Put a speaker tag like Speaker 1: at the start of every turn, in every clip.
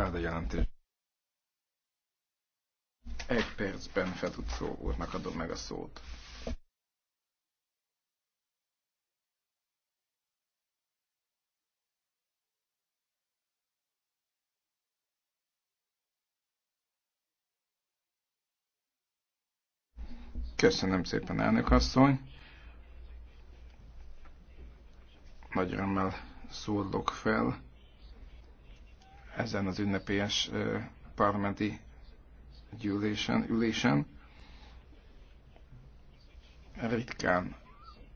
Speaker 1: jelentés. Egy percben Fetutszó úrnak adom meg a szót. Köszönöm szépen, elnök asszony. Nagy örömmel szólok fel ezen az ünnepélyes parlamenti gyűlésen, ülésen. Ritkán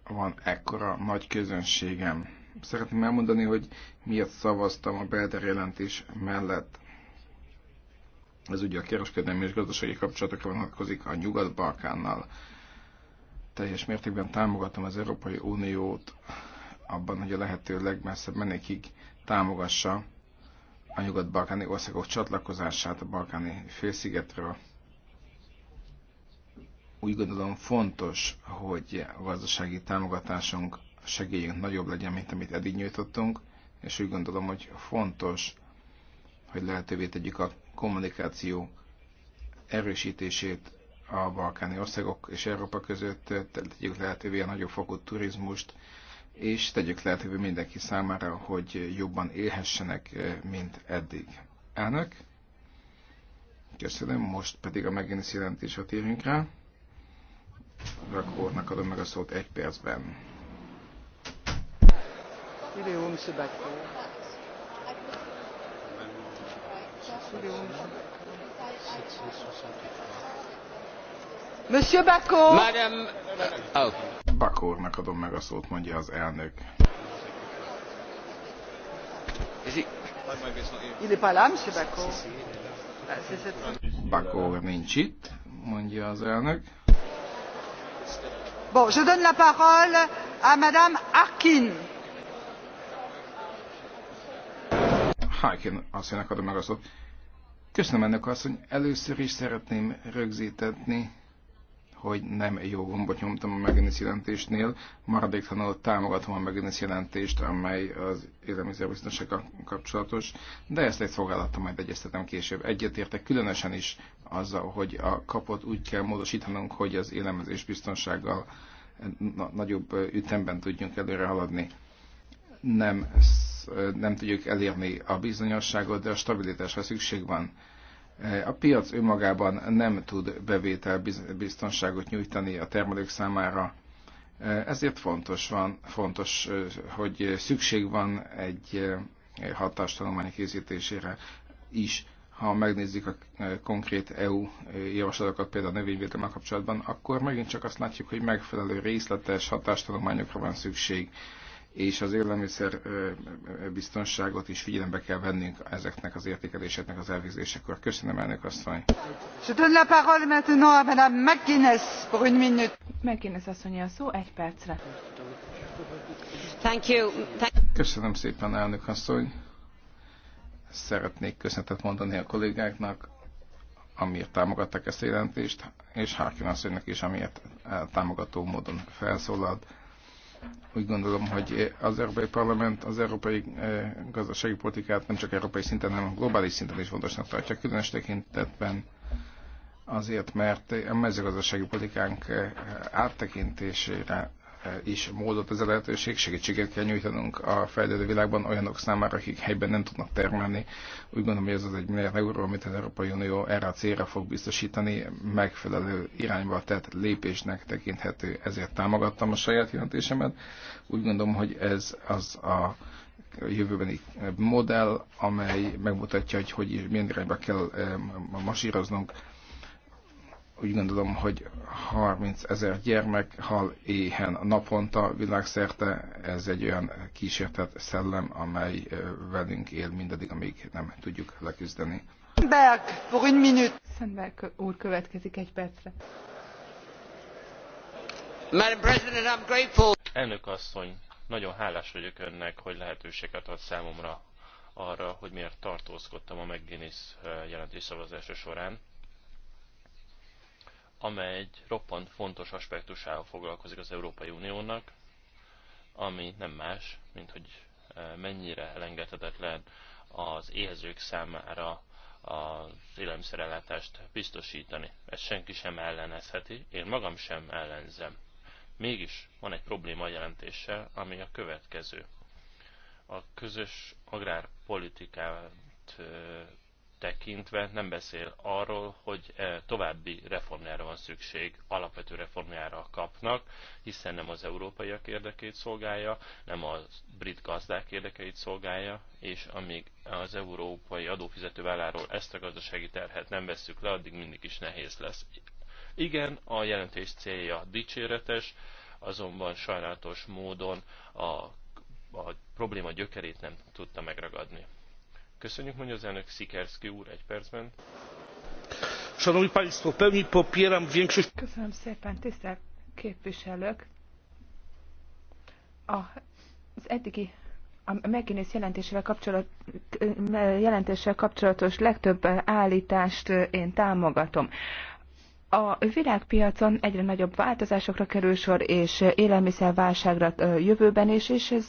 Speaker 1: van ekkora nagy közönségem. Szeretném elmondani, hogy miért szavaztam a Belder jelentés mellett. Ez ugye a kereskedelmi és gazdasági kapcsolatokra vonatkozik a Nyugat-Balkánnal. Teljes mértékben támogatom az Európai Uniót abban, hogy a lehető legmesszebb menekig támogassa a nyugat-balkáni országok csatlakozását a balkáni félszigetről. Úgy gondolom fontos, hogy a gazdasági támogatásunk, segélyünk nagyobb legyen, mint amit eddig nyújtottunk, és úgy gondolom, hogy fontos, hogy lehetővé tegyük a kommunikáció erősítését a balkáni országok és Európa között, tegyük lehetővé a nagyobb fokú turizmust, és tegyük lehetővé mindenki számára, hogy jobban élhessenek, eh, mint eddig. Elnök, köszönöm, most pedig a megjelenés jelentésre térünk rá. Rakornak adom meg a szót egy percben.
Speaker 2: Monsieur Bacot! Madame... Oh.
Speaker 1: Bakornak adom meg a szót, mondja az elnök. Bakor nincs itt, mondja az elnök.
Speaker 2: Bon, je donne la parole à Madame Harkin.
Speaker 1: Harkin asszonynak adom meg a szót. Köszönöm ennek asszony. Először is szeretném rögzítetni, hogy nem jó gombot nyomtam a Megenis jelentésnél. Maradéktalanul támogatom a Megenis jelentést, amely az élelmiszerbiztonsággal kapcsolatos, de ezt egy szolgálattal majd egyeztetem később. Egyetértek különösen is azzal, hogy a kapot úgy kell módosítanunk, hogy az élelmezés biztonsággal nagyobb ütemben tudjunk előre haladni. Nem, nem tudjuk elérni a bizonyosságot, de a stabilitásra szükség van a piac önmagában nem tud bevételbiztonságot biztonságot nyújtani a termelők számára, ezért fontos, van, fontos, hogy szükség van egy eh, hatástanulmány készítésére is. Ha megnézzük a eh, konkrét EU eh, javaslatokat, például a növényvédelemmel kapcsolatban, akkor megint csak azt látjuk, hogy megfelelő részletes hatástanulmányokra van szükség és az élelmiszer biztonságot is figyelembe kell vennünk ezeknek az értékeléseknek az elvégzésekor. Köszönöm, elnök asszony.
Speaker 2: Je donne la parole maintenant à Madame McGuinness pour une minute. McGuinness a szó egy percre.
Speaker 3: Thank you.
Speaker 1: Thank Köszönöm szépen, elnök asszony. Szeretnék köszönetet mondani a kollégáknak, amiért támogatták ezt a jelentést, és Harkin asszonynak is, amiért eh, támogató módon felszólalt úgy gondolom, hogy az Európai Parlament az európai eh, gazdasági politikát nem csak európai szinten, hanem globális szinten is fontosnak tartja, különös tekintetben azért, mert a mezőgazdasági politikánk eh, áttekintésére is módot ez a lehetőség, segítséget kell nyújtanunk a fejlődő világban olyanok számára, akik helyben nem tudnak termelni. Úgy gondolom, hogy ez az egy milliárd euró, amit az Európai Unió erre a célra fog biztosítani, megfelelő irányba tett lépésnek tekinthető, ezért támogattam a saját jelentésemet. Úgy gondolom, hogy ez az a jövőbeni modell, amely megmutatja, hogy, hogy milyen irányba kell eh, masíroznunk úgy gondolom, hogy 30 ezer gyermek hal éhen naponta világszerte. Ez egy olyan kísértett szellem, amely velünk él mindaddig, amíg nem tudjuk leküzdeni.
Speaker 2: Berg, for une minute. Sandberg úr következik egy percre.
Speaker 1: Madam President, I'm grateful.
Speaker 3: Elnök asszony, nagyon hálás vagyok önnek, hogy lehetőséget ad számomra arra, hogy miért tartózkodtam a McGuinness jelentés szavazása során amely egy roppant fontos aspektusával foglalkozik az Európai Uniónak, ami nem más, mint hogy e, mennyire elengedhetetlen az éhezők számára az élelmiszerellátást biztosítani. Ezt senki sem ellenezheti, én magam sem ellenzem. Mégis van egy probléma jelentéssel, ami a következő. A közös agrárpolitikát e, tekintve nem beszél arról, hogy e, további reformjára van szükség, alapvető reformjára kapnak, hiszen nem az európaiak érdekét szolgálja, nem a brit gazdák érdekeit szolgálja, és amíg az európai adófizető ezt a gazdasági terhet nem vesszük le, addig mindig is nehéz lesz. Igen, a jelentés célja dicséretes, azonban sajnálatos módon a, a probléma gyökerét nem tudta megragadni. Köszönjük, mondja az elnök Szikerszki úr egy percben.
Speaker 1: Szanowni Państwo, pełni popieram większość...
Speaker 2: Köszönöm szépen, tisztelt képviselők! A, az eddigi a McGuinness jelentésével, kapcsolat, jelentésével kapcsolatos legtöbb állítást én támogatom a világpiacon egyre nagyobb változásokra kerül sor, és élelmiszerválságra jövőben is, és ez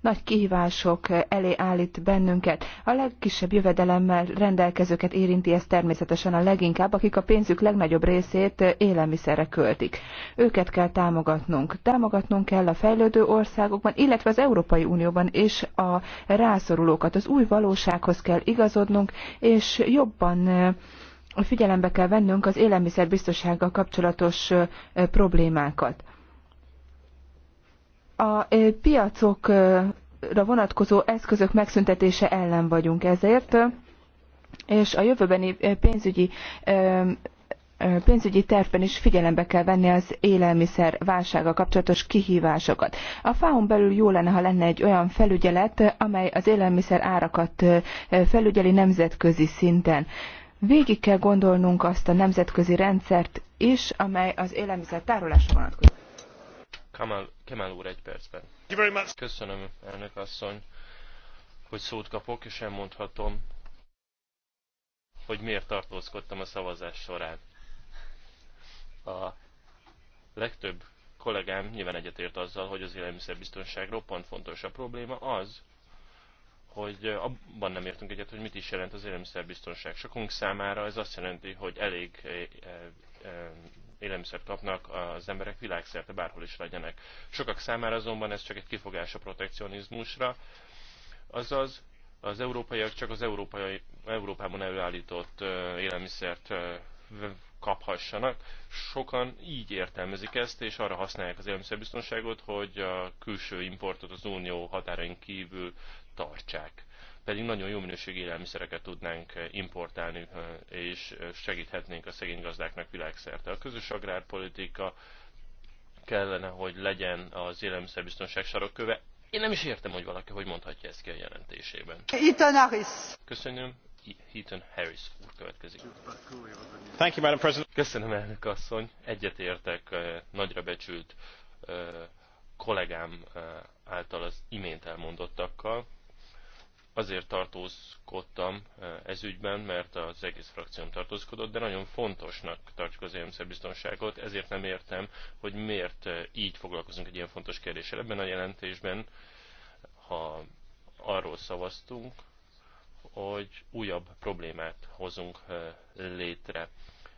Speaker 2: nagy kihívások elé állít bennünket. A legkisebb jövedelemmel rendelkezőket érinti ez természetesen a leginkább, akik a pénzük legnagyobb részét élelmiszerre költik. Őket kell támogatnunk. Támogatnunk kell a fejlődő országokban, illetve az Európai Unióban és a rászorulókat. Az új valósághoz kell igazodnunk, és jobban figyelembe kell vennünk az élelmiszerbiztonsággal kapcsolatos problémákat. A piacokra vonatkozó eszközök megszüntetése ellen vagyunk ezért, és a jövőbeni pénzügyi pénzügyi tervben is figyelembe kell venni az élelmiszer válsága kapcsolatos kihívásokat. A fao belül jó lenne, ha lenne egy olyan felügyelet, amely az élelmiszer árakat felügyeli nemzetközi szinten. Végig kell gondolnunk azt a nemzetközi rendszert is, amely az élelmiszer tárolásra vonatkozik.
Speaker 3: Kamal, Kemal úr egy percben. Köszönöm, elnök asszony, hogy szót kapok, és elmondhatom, hogy miért tartózkodtam a szavazás során. A legtöbb kollégám nyilván egyetért azzal, hogy az élelmiszerbiztonság roppant fontos. A probléma az, hogy abban nem értünk egyet, hogy mit is jelent az élelmiszerbiztonság. Sokunk számára ez azt jelenti, hogy elég élelmiszert kapnak az emberek világszerte, bárhol is legyenek. Sokak számára azonban ez csak egy kifogás a protekcionizmusra, azaz az európaiak csak az európai, Európában előállított élelmiszert kaphassanak. Sokan így értelmezik ezt, és arra használják az élelmiszerbiztonságot, hogy a külső importot az unió határain kívül tartsák. Pedig nagyon jó minőségű élelmiszereket tudnánk eh, importálni, eh, és eh, segíthetnénk a szegény gazdáknak világszerte. A közös agrárpolitika kellene, hogy legyen az élelmiszerbiztonság sarokköve. Én nem is értem, hogy valaki hogy mondhatja ezt ki a jelentésében. Ethan Harris. Köszönöm. Ethan Harris úr következik.
Speaker 1: Thank you, Madam President.
Speaker 3: Köszönöm, elnök asszony. Egyetértek nagyra becsült kollégám által az imént elmondottakkal azért tartózkodtam eh, ez ügyben, mert az egész frakcióm tartózkodott, de nagyon fontosnak tartjuk az biztonságot, ezért nem értem, hogy miért eh, így foglalkozunk egy ilyen fontos kérdéssel. Ebben a jelentésben, ha arról szavaztunk, hogy újabb problémát hozunk eh, létre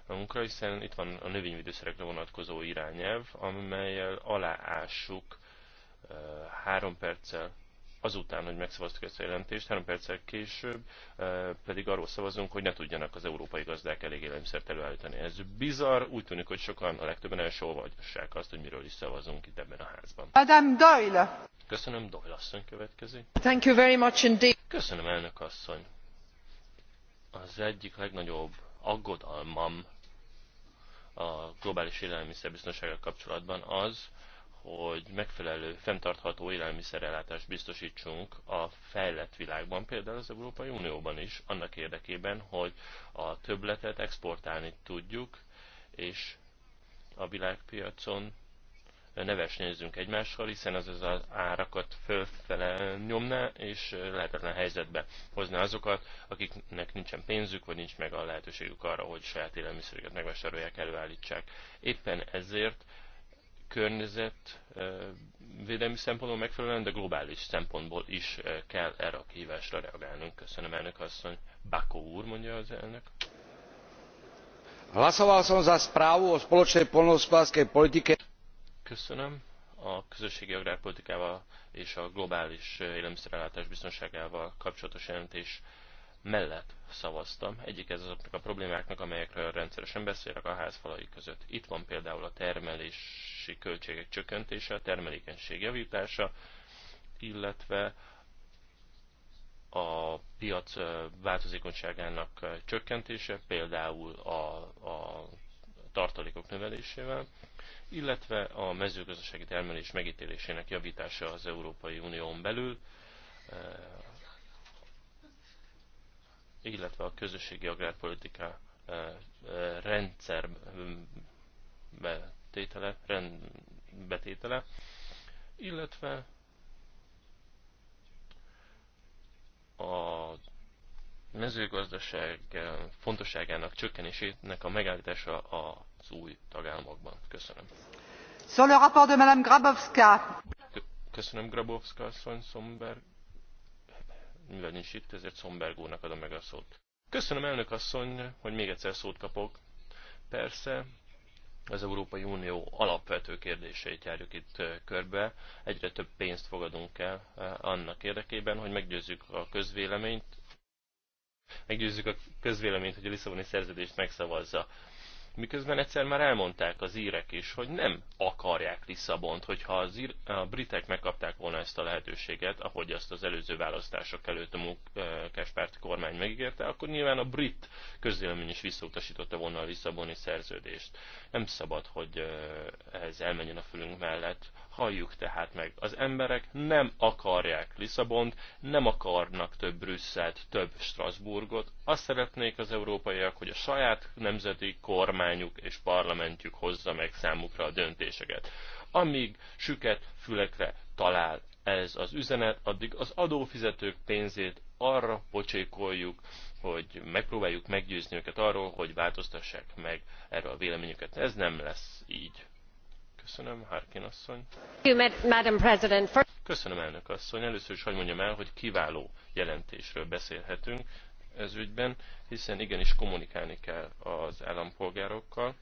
Speaker 3: Munkra, hiszen itt van a növényvédőszerekre vonatkozó irányelv, amelyel aláássuk három perccel azután, hogy megszavaztuk ezt a jelentést, három perccel később eh, pedig arról szavazunk, hogy ne tudjanak az európai gazdák elég élelmiszert előállítani. Ez bizarr, úgy tűnik, hogy sokan, a legtöbben elsolvadják azt, hogy miről is szavazunk itt ebben a házban. Adam
Speaker 2: Doyle!
Speaker 3: Köszönöm, Doyle asszony következik. Thank you very much indeed. Köszönöm, elnök asszony. Az egyik legnagyobb aggodalmam a globális élelmiszerbiztonsággal kapcsolatban az, hogy megfelelő, fenntartható élelmiszerellátást biztosítsunk a fejlett világban, például az Európai Unióban is, annak érdekében, hogy a többletet exportálni tudjuk, és a világpiacon neves nézzünk egymással, hiszen az az árakat fölfele nyomná, és lehetetlen helyzetbe hozná azokat, akiknek nincsen pénzük, vagy nincs meg a lehetőségük arra, hogy saját élelmiszerüket megvásárolják, előállítsák. Éppen ezért környezet védelmi szempontból megfelelően, de globális szempontból is kell erre a kihívásra reagálnunk. Köszönöm, elnök asszony. Bakó úr, mondja az elnök.
Speaker 1: Hlasoval som za správu o spoločnej poľnohospodárskej politike. Köszönöm.
Speaker 3: A közösségi agrárpolitikával és a globális élelmiszerellátás biztonságával kapcsolatos jelentés mellett szavaztam. Egyik ez azoknak a problémáknak, amelyekről rendszeresen beszélek a házfalai között. Itt van például a termelési költségek csökkentése, a termelékenység javítása, illetve a piac változékonyságának csökkentése, például a, a tartalékok növelésével, illetve a mezőgazdasági termelés megítélésének javítása az Európai Unión belül, illetve a közösségi agrárpolitika eh, eh, rendszerbe mm, betétele, rend, illetve a mezőgazdaság eh, fontosságának csökkenésének a megállítása az új tagállamokban. Köszönöm.
Speaker 2: Sur le rapport de Madame Grabowska.
Speaker 3: Köszönöm Grabowska, Sonberg mivel nincs itt, ezért Szomberg úrnak adom meg a szót. Köszönöm elnök asszony, hogy még egyszer szót kapok. Persze, az Európai Unió alapvető kérdéseit járjuk itt körbe. Egyre több pénzt fogadunk el annak érdekében, hogy meggyőzzük a közvéleményt, meggyőzzük a közvéleményt, hogy a Lisszaboni szerződést megszavazza miközben egyszer már elmondták az írek is, hogy nem akarják Lisszabont, hogyha az ír, a britek megkapták volna ezt a lehetőséget, ahogy azt az előző választások előtt a munkáspárti kormány megígérte, akkor nyilván a brit közélemény is visszautasította volna a Lisszaboni szerződést. Nem szabad, hogy ez elmenjen a fülünk mellett, Halljuk tehát meg, az emberek nem akarják Lisszabont, nem akarnak több Brüsszelt, több Strasbourgot. Azt szeretnék az európaiak, hogy a saját nemzeti kormányuk és parlamentjük hozza meg számukra a döntéseket. Amíg süket fülekre talál ez az üzenet, addig az adófizetők pénzét arra pocsékoljuk, hogy megpróbáljuk meggyőzni őket arról, hogy változtassák meg erről a véleményüket. Ez nem lesz így. Köszönöm, asszony. Köszönöm, elnök asszony. Először is hagyd mondjam el, hogy kiváló jelentésről beszélhetünk ez ügyben, hiszen igenis kommunikálni kell az állampolgárokkal.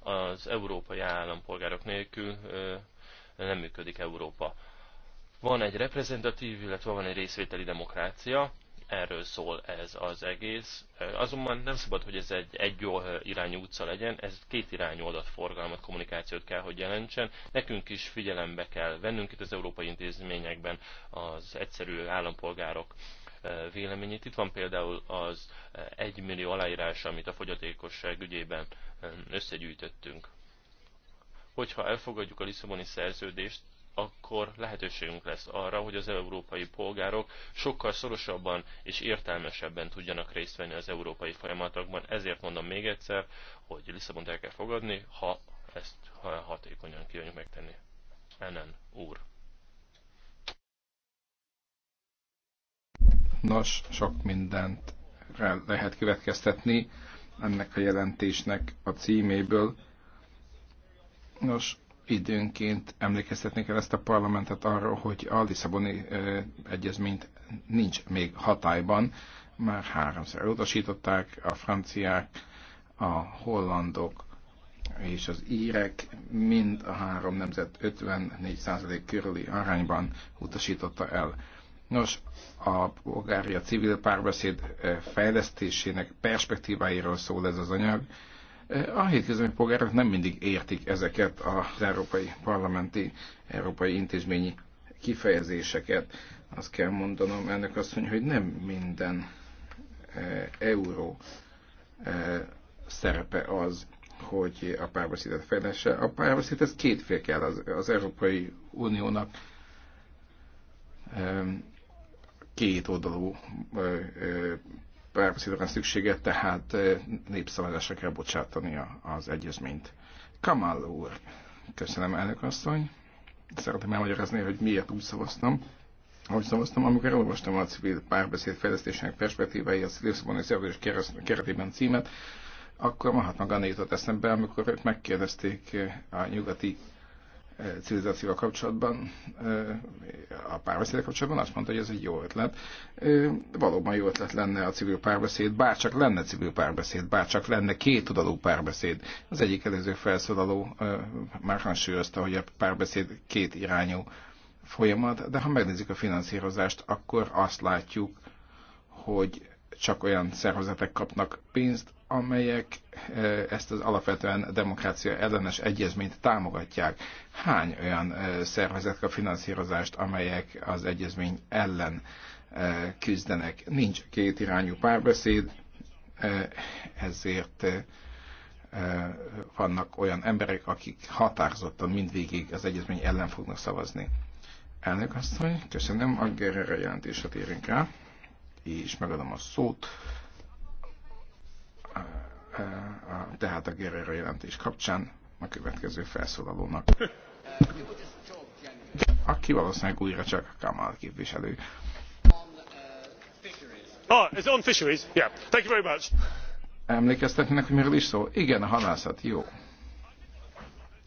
Speaker 3: Az európai állampolgárok nélkül nem működik Európa. Van egy reprezentatv illetve van egy részvételi demokrácia, erről szól ez az egész. Azonban nem szabad, hogy ez egy egy jó irányú utca legyen, ez két irányú adatforgalmat, kommunikációt kell, hogy jelentsen. Nekünk is figyelembe kell vennünk itt az európai intézményekben az egyszerű állampolgárok e, véleményét. Itt van például az egymillió aláírás, amit a fogyatékosság ügyében e, összegyűjtöttünk. Hogyha elfogadjuk a Lisszaboni szerződést, akkor lehetőségünk lesz arra, hogy az európai polgárok sokkal szorosabban és értelmesebben tudjanak részt venni az európai folyamatokban. Ezért mondom még egyszer, hogy Lisszabont el kell fogadni, ha ezt ha hatékonyan kívánjuk megtenni. Ennen úr.
Speaker 1: Nos, sok mindent lehet következtetni ennek a jelentésnek a címéből. Nos, időnként emlékeztetni kell ezt a parlamentet arról, hogy a Lisszaboni egyezményt nincs még hatályban, már háromszor utasították a franciák, a hollandok és az írek mind a három nemzet 54% körüli arányban utasította el. Nos, a Bulgária civil párbeszéd fejlesztésének perspektíváiról szól ez az anyag, a hétköznapi polgárok nem mindig értik ezeket az európai parlamenti, európai intézményi kifejezéseket. Azt kell mondanom ennek azt mondja, hogy nem minden e, euró e, szerepe az, hogy a párbeszédet fejlesse. A párbeszéd ez fél kell az, az Európai Uniónak e, két oldalú e, e, párbeszédre van szüksége, tehát népszavazásra kell bocsátani az egyezményt. Kamal úr, köszönöm elnök asszony. Szeretném elmagyarázni, hogy miért úgy szavaztam. Ahogy szavaztam, amikor elolvastam a civil párbeszéd fejlesztésének perspektívái a és Szervezés keretében címet, akkor Mahatma Gandhi jutott eszembe, amikor őt megkérdezték a nyugati civilizációval kapcsolatban, a párbeszédek kapcsolatban azt mondta, hogy ez egy jó ötlet. Valóban jó ötlet lenne a civil párbeszéd, bár csak lenne civil párbeszéd, bár csak lenne két tudalú párbeszéd. Az egyik előző felszólaló már hangsúlyozta, hogy a párbeszéd két irányú folyamat, de ha megnézzük a finanszírozást, akkor azt látjuk, hogy csak olyan szervezetek kapnak pénzt, amelyek e, ezt az alapvetően demokrácia ellenes egyezményt támogatják. Hány olyan e, szervezet kap finanszírozást, amelyek az egyezmény ellen e, küzdenek? Nincs két irányú párbeszéd, ezért vannak olyan emberek, akik határozottan mindvégig az egyezmény ellen fognak szavazni. Elnök asszony, köszönöm, a Gerere jelentésre térünk rá, és megadom a szót Eh, a, tehát a Guerrero jelentés kapcsán a következő felszólalónak. Aki valószínűleg újra csak a Kamal képviselő.
Speaker 3: Ah, it's on fisheries. Yeah. Thank you very much.
Speaker 1: Emlékeztetnének, hogy miről is szól? Igen, a halászat. Jó.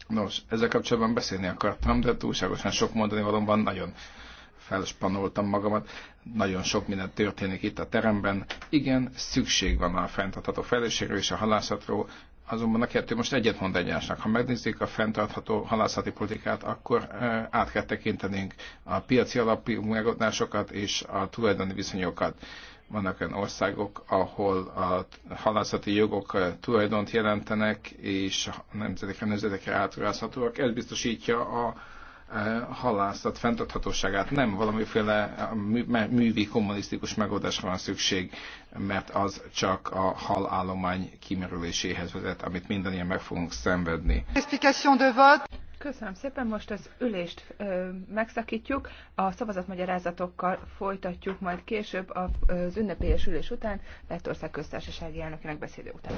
Speaker 1: Nos, ezzel kapcsolatban beszélni akartam, de túlságosan sok mondani valóban nagyon felspanoltam magamat. Nagyon sok minden történik itt a teremben. Igen, szükség van a fenntartható fejlődésre és a halászatról, azonban a kettő most mond egyásnak. Ha megnézzük a fenntartható halászati politikát, akkor át kell tekintenünk a piaci alapú megoldásokat és a tulajdoni viszonyokat. Vannak olyan országok, ahol a halászati jogok tulajdont jelentenek, és a nemzetekre, nemzetekre áturázhatóak. Ez biztosítja a Eh, halászat fenntarthatóságát, nem valamiféle eh, művi kommunisztikus megoldásra van szükség, mert az csak a halállomány kimerüléséhez vezet, amit mindannyian meg fogunk szenvedni.
Speaker 2: Köszönöm szépen, most az ülést ö, megszakítjuk, a szavazatmagyarázatokkal folytatjuk majd később az ünnepélyes ülés után, Lettország köztársasági elnökének beszéde után.